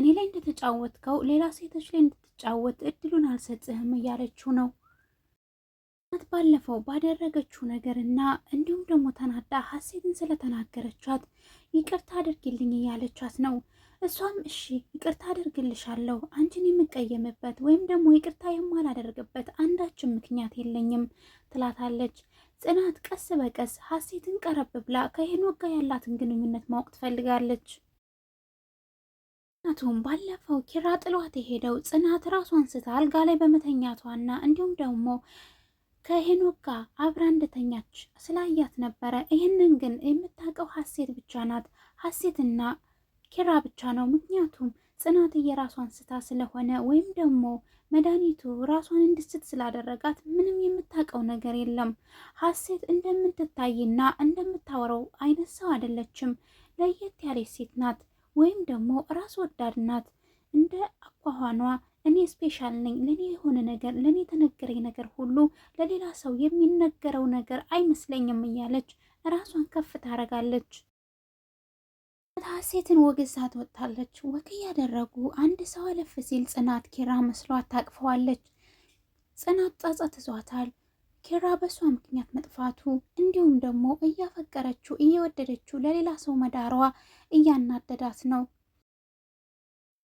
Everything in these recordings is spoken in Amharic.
እኔ ላይ እንደተጫወትከው ሌላ ሴቶች ላይ እንድትጫወት እድሉን አልሰጥህም እያለችው ነው። ጽናት ባለፈው ባደረገችው ነገር እና እንዲሁም ደግሞ ተናዳ ሀሴትን ስለተናገረቻት ይቅርታ አድርግልኝ እያለቻት ነው። እሷም እሺ ይቅርታ አድርግልሻለሁ፣ አንቺን የምቀየምበት ወይም ደግሞ ይቅርታ የማላደርግበት አንዳችም ምክንያት የለኝም ትላታለች። ጽናት ቀስ በቀስ ሀሴትን ቀረብ ብላ ከሄኖክ ጋር ያላትን ግንኙነት ማወቅ ትፈልጋለች። ምክንያቱም ባለፈው ኪራ ጥሏት የሄደው ጽናት ራሷን ስታ አልጋ ላይ በመተኛቷና እንዲሁም ደግሞ ከሄኖክ ጋር አብራ እንደተኛች ስላያት ነበረ። ይህንን ግን የምታውቀው ሀሴት ብቻ ናት። ሀሴትና ኪራ ብቻ ነው። ምክንያቱም ጽናት የራሷን ስታ ስለሆነ ወይም ደግሞ መድኃኒቱ ራሷን እንድስት ስላደረጋት ምንም የምታውቀው ነገር የለም። ሀሴት እንደምትታይና እንደምታወራው አይነት ሰው አይደለችም። ለየት ያለች ሴት ናት። ወይም ደግሞ ራስ ወዳድ ናት። እንደ አኳኋኗ እኔ ስፔሻል ነኝ፣ ለእኔ የሆነ ነገር ለእኔ የተነገረኝ ነገር ሁሉ ለሌላ ሰው የሚነገረው ነገር አይመስለኝም እያለች ራሷን ከፍ ታደርጋለች። ሀሴትን ወግዛ ትወጣለች። ወግ እያደረጉ አንድ ሰው አለፍ ሲል ጽናት ኪራ መስሏት ታቅፈዋለች። ጽናት ጸጸት ይዟታል። ኪራ በእሷ ምክንያት መጥፋቱ እንዲሁም ደግሞ እያፈቀረችው እየወደደችው ለሌላ ሰው መዳሯ እያናደዳት ነው።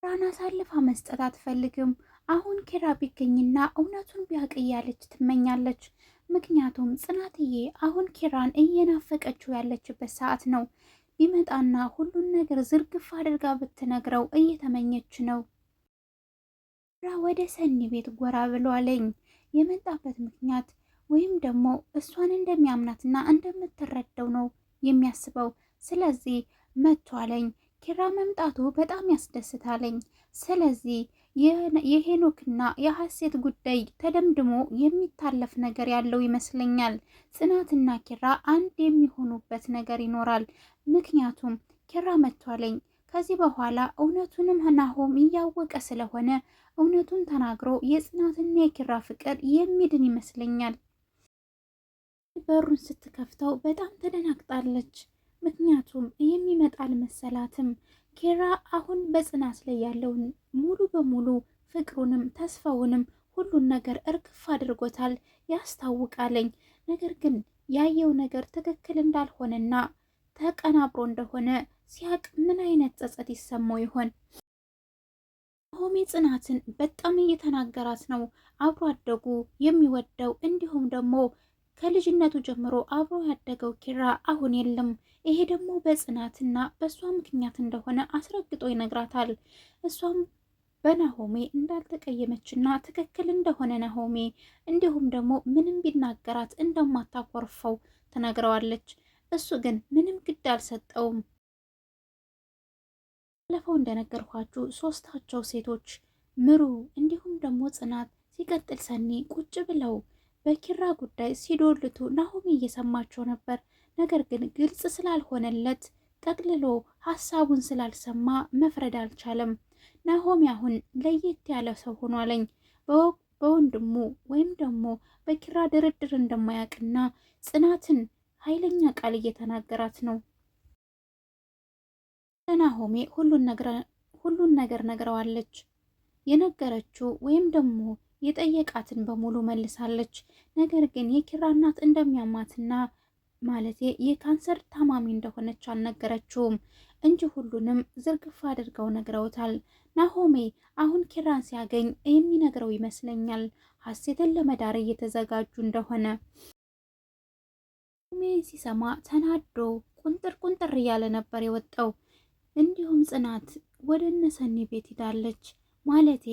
ራን አሳልፋ መስጠት አትፈልግም። አሁን ኪራ ቢገኝና እውነቱን ቢያውቅ እያለች ትመኛለች። ምክንያቱም ጽናትዬ አሁን ኪራን እየናፈቀችው ያለችበት ሰዓት ነው። ቢመጣና ሁሉን ነገር ዝርግፍ አድርጋ ብትነግረው እየተመኘች ነው። ኪራ ወደ ሰኒ ቤት ጎራ ብሏለኝ። የመጣበት ምክንያት ወይም ደግሞ እሷን እንደሚያምናትና እንደምትረዳው ነው የሚያስበው። ስለዚህ መቷለኝ ኪራ መምጣቱ በጣም ያስደስታለኝ። ስለዚህ የሄኖክና የሀሴት ጉዳይ ተደምድሞ የሚታለፍ ነገር ያለው ይመስለኛል። ጽናትና ኪራ አንድ የሚሆኑበት ነገር ይኖራል። ምክንያቱም ኪራ መቷለኝ ከዚህ በኋላ እውነቱንም ናሆም እያወቀ ስለሆነ እውነቱን ተናግሮ የጽናትና የኪራ ፍቅር የሚድን ይመስለኛል። በሩን ስትከፍተው በጣም ተደናግጣለች። ምክንያቱም የሚመጣ መሰላትም ኬራ አሁን በጽናት ላይ ያለውን ሙሉ በሙሉ ፍቅሩንም ተስፋውንም ሁሉን ነገር እርግፍ አድርጎታል ያስታውቃለኝ። ነገር ግን ያየው ነገር ትክክል እንዳልሆነና ተቀናብሮ እንደሆነ ሲያቅ ምን አይነት ጸጸት ይሰማው ይሆን? ሆሜ ጽናትን በጣም እየተናገራት ነው። አብሮ አደጉ የሚወደው እንዲሁም ደግሞ ከልጅነቱ ጀምሮ አብሮ ያደገው ኪራ አሁን የለም። ይሄ ደግሞ በጽናትና በእሷ ምክንያት እንደሆነ አስረግጦ ይነግራታል። እሷም በናሆሜ እንዳልተቀየመችና ትክክል እንደሆነ ናሆሜ እንዲሁም ደግሞ ምንም ቢናገራት እንደማታኮርፈው ተናግረዋለች። እሱ ግን ምንም ግድ አልሰጠውም። ባለፈው እንደነገርኳችሁ ሶስታቸው ሴቶች ምሩ፣ እንዲሁም ደግሞ ጽናት፣ ሲቀጥል ሰኒ ቁጭ ብለው በኪራ ጉዳይ ሲዶልቱ ናሆሚ እየሰማቸው ነበር። ነገር ግን ግልጽ ስላልሆነለት ጠቅልሎ ሀሳቡን ስላልሰማ መፍረድ አልቻለም። ናሆሚ አሁን ለየት ያለ ሰው ሆኗለኝ በወንድሙ ወይም ደግሞ በኪራ ድርድር እንደማያውቅና ጽናትን ኃይለኛ ቃል እየተናገራት ነው። ለናሆሜ ሁሉን ነገር ነግረዋለች። የነገረችው ወይም ደግሞ የጠየቃትን በሙሉ መልሳለች። ነገር ግን የኪራ እናት እንደሚያማትና ማለቴ የካንሰር ታማሚ እንደሆነች አልነገረችውም እንጂ ሁሉንም ዝርግፍ አድርገው ነግረውታል። ናሆሜ አሁን ኪራን ሲያገኝ የሚነግረው ይመስለኛል ሀሴትን ለመዳር እየተዘጋጁ እንደሆነ። ናሆሜ ሲሰማ ተናዶ ቁንጥር ቁንጥር እያለ ነበር የወጣው። እንዲሁም ጽናት ወደ እነሰኒ ቤት ሂዳለች ማለቴ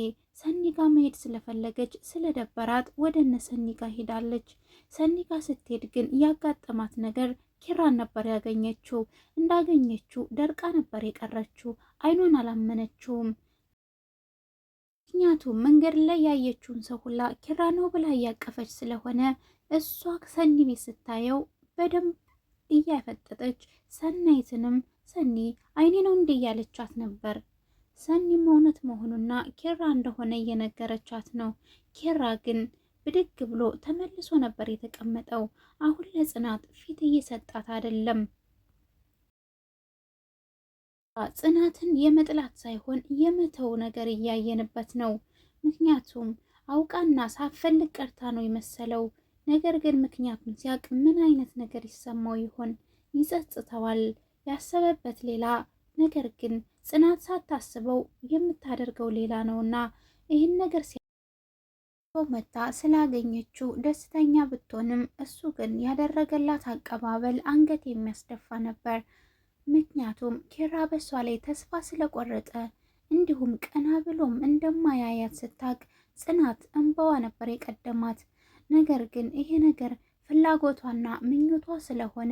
ሰኒጋ መሄድ ስለፈለገች ስለደበራት ወደ እነ ሰኒጋ ሄዳለች። ሰኒጋ ስትሄድ ግን ያጋጠማት ነገር ኪራን ነበር ያገኘችው። እንዳገኘችው ደርቃ ነበር የቀረችው። አይኗን አላመነችውም። ምክንያቱም መንገድ ላይ ያየችውን ሰው ሁላ ኪራ ነው ብላ እያቀፈች ስለሆነ እሷ ሰኒ ቤት ስታየው በደንብ እያፈጠጠች ሰናይትንም ሰኒ አይኔ ነው እንዴ እያለቻት ነበር። ሰኒም እውነት መሆኑና ኬራ እንደሆነ እየነገረቻት ነው። ኬራ ግን ብድግ ብሎ ተመልሶ ነበር የተቀመጠው። አሁን ለጽናት ፊት እየሰጣት አይደለም። ጽናትን የመጥላት ሳይሆን የመተው ነገር እያየንበት ነው። ምክንያቱም አውቃና ሳፈልግ ቀርታ ነው የመሰለው። ነገር ግን ምክንያቱን ሲያውቅ ምን አይነት ነገር ይሰማው ይሆን? ይጸጽተዋል። ያሰበበት ሌላ ነገር ግን ጽናት ሳታስበው የምታደርገው ሌላ ነውና ይህን ነገር ሲያው መታ ስላገኘችው ደስተኛ ብትሆንም እሱ ግን ያደረገላት አቀባበል አንገት የሚያስደፋ ነበር። ምክንያቱም ኪራ በሷ ላይ ተስፋ ስለቆረጠ እንዲሁም ቀና ብሎም እንደማያያት ስታቅ ጽናት እንባዋ ነበር የቀደማት። ነገር ግን ይሄ ነገር ፍላጎቷና ምኞቷ ስለሆነ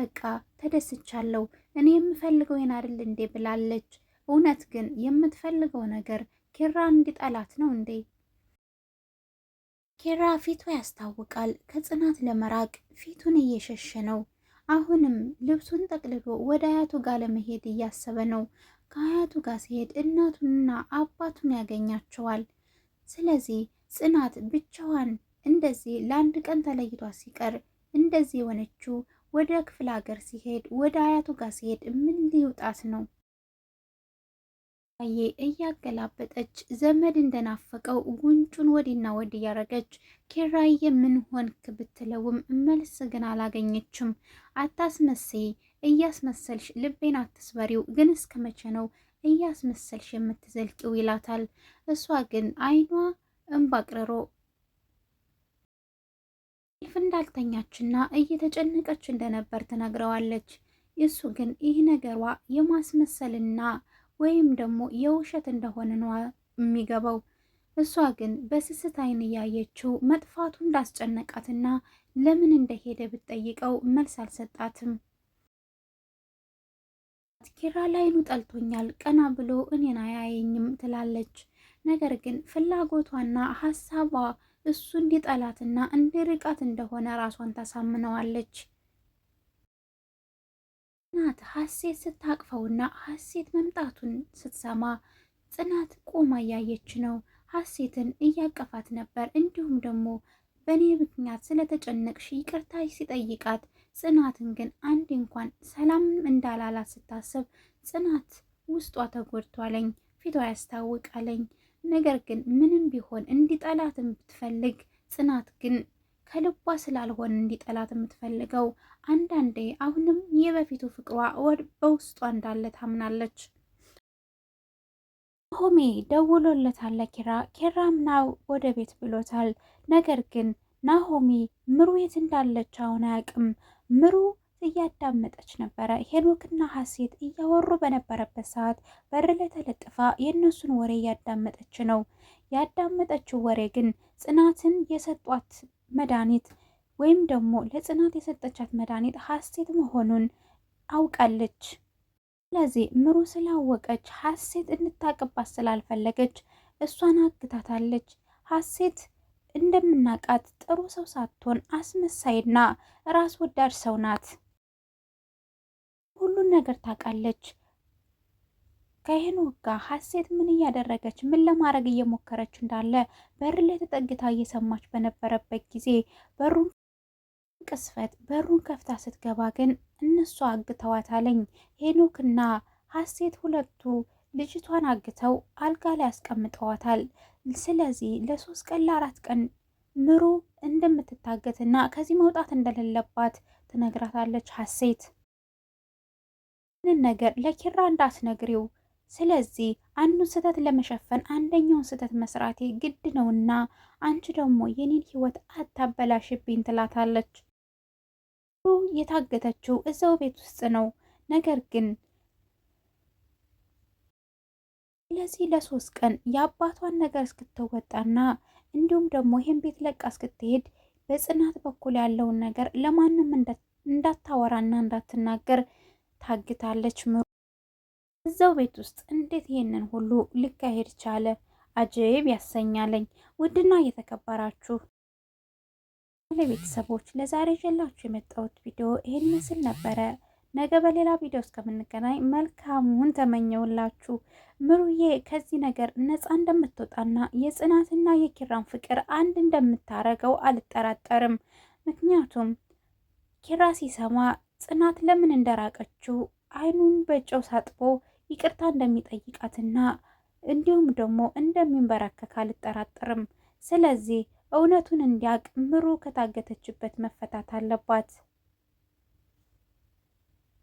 በቃ ተደስቻለሁ፣ እኔ የምፈልገው ይሄን አይደል እንዴ ብላለች። እውነት ግን የምትፈልገው ነገር ኪራ እንዲጠላት ነው እንዴ? ኪራ ፊቱ ያስታውቃል። ከጽናት ለመራቅ ፊቱን እየሸሸ ነው። አሁንም ልብሱን ጠቅልሎ ወደ አያቱ ጋር ለመሄድ እያሰበ ነው። ከአያቱ ጋር ሲሄድ እናቱንና አባቱን ያገኛቸዋል። ስለዚህ ጽናት ብቻዋን እንደዚህ ለአንድ ቀን ተለይቷ ሲቀር እንደዚህ የሆነችው ወደ ክፍለ ሀገር ሲሄድ ወደ አያቱ ጋር ሲሄድ ምን ሊውጣት ነው? ዬ እያገላበጠች ዘመድ እንደናፈቀው ጉንጩን ወዲና ወዲ እያረገች ኪራዬ ምን ሆንክ ብትለውም መልስ ግን አላገኘችም። አታስነሴ እያስመሰልሽ ልቤን አትስበሪው፣ ግን እስከ መቼ ነው እያስመሰልሽ የምትዘልቂው? ይላታል። እሷ ግን አይኗ እምባቅረሮ አቅርሮ ኢፍ እንዳልተኛችና እየተጨነቀች እንደነበር ትነግረዋለች። እሱ ግን ይህ ነገሯ የማስመሰልና ወይም ደግሞ የውሸት እንደሆነ ነው የሚገባው። እሷ ግን በስስት አይን እያየችው መጥፋቱ እንዳስጨነቃትና ለምን እንደሄደ ብትጠይቀው መልስ አልሰጣትም። ኪራ ላይኑ ጠልቶኛል፣ ቀና ብሎ እኔን አያየኝም ትላለች። ነገር ግን ፍላጎቷና ሀሳቧ እሱ እንዲጠላትና እንዲርቃት እንደሆነ ራሷን ታሳምነዋለች። ጽናት ሀሴት ስታቅፈውና ሀሴት መምጣቱን ስትሰማ ጽናት ቆማ እያየች ነው። ሀሴትን እያቀፋት ነበር። እንዲሁም ደግሞ በእኔ ምክንያት ስለተጨነቅሽ ይቅርታ ሲጠይቃት፣ ጽናትን ግን አንድ እንኳን ሰላም እንዳላላት ስታስብ ጽናት ውስጧ ተጎድቷለኝ፣ ፊቷ ያስታውቃለኝ ነገር ግን ምንም ቢሆን እንዲጠላት የምትፈልግ ጽናት ግን ከልቧ ስላልሆን እንዲጠላት የምትፈልገው አንዳንዴ አሁንም የበፊቱ ፍቅሯ ወድ በውስጧ እንዳለ ታምናለች። ሆሜ ደውሎለታል ኪራ። ኪራም ናው ወደ ቤት ብሎታል። ነገር ግን ናሆሜ ምሩ የት እንዳለች አሁን አያውቅም። ምሩ እያዳመጠች ነበረ። ሄኖክና ሀሴት እያወሩ በነበረበት ሰዓት በር ላይ ተለጥፋ የእነሱን ወሬ እያዳመጠች ነው። ያዳመጠችው ወሬ ግን ጽናትን የሰጧት መድኃኒት ወይም ደግሞ ለጽናት የሰጠቻት መድኃኒት ሀሴት መሆኑን አውቃለች። ስለዚህ ምሩ ስላወቀች ሀሴት እንታቅባት ስላልፈለገች እሷን አግታታለች። ሀሴት እንደምናቃት ጥሩ ሰው ሳትሆን አስመሳይና ራስ ወዳድ ሰው ናት። ነገር ታውቃለች። ከሄኖክ ጋር ሀሴት ምን እያደረገች ምን ለማድረግ እየሞከረች እንዳለ በር ላይ ተጠግታ እየሰማች በነበረበት ጊዜ በሩን ቅስፈት በሩን ከፍታ ስትገባ ግን እነሱ አግተዋታለኝ። ሄኖክና ሀሴት ሁለቱ ልጅቷን አግተው አልጋ ላይ ያስቀምጠዋታል። ስለዚህ ለሶስት ቀን ለአራት ቀን ምሩ እንደምትታገትና ከዚህ መውጣት እንደሌለባት ትነግራታለች ሀሴት ይህንን ነገር ለኪራ እንዳትነግሪው። ስለዚህ አንዱን ስህተት ለመሸፈን አንደኛውን ስህተት መስራቴ ግድ ነውና አንቺ ደግሞ የኔን ህይወት አታበላሽብኝ ትላታለች። ሩ የታገተችው እዛው ቤት ውስጥ ነው። ነገር ግን ስለዚህ ለሶስት ቀን የአባቷን ነገር እስክትወጣና እንዲሁም ደግሞ ይህን ቤት ለቃ እስክትሄድ በጽናት በኩል ያለውን ነገር ለማንም እንዳታወራና እንዳትናገር ታግታለች። ምሩ እዛው ቤት ውስጥ እንዴት ይሄንን ሁሉ ሊካሄድ ቻለ? አጀብ ያሰኛለኝ። ውድና እየተከበራችሁ ለቤተሰቦች ለዛሬ ይዤላችሁ የመጣሁት ቪዲዮ ይሄን ይመስል ነበረ። ነገ በሌላ ቪዲዮ እስከምንገናኝ መልካሙን ተመኘውላችሁ። ምሩዬ ከዚህ ነገር ነፃ እንደምትወጣና የጽናትና የኪራን ፍቅር አንድ እንደምታረገው አልጠራጠርም። ምክንያቱም ኪራ ሲሰማ ጽናት ለምን እንደራቀችው አይኑን በጨው ሳጥቦ ይቅርታ እንደሚጠይቃትና እንዲሁም ደግሞ እንደሚንበረከክ አልጠራጠርም። ስለዚህ እውነቱን እንዲያቅ ምሩ ከታገተችበት መፈታት አለባት።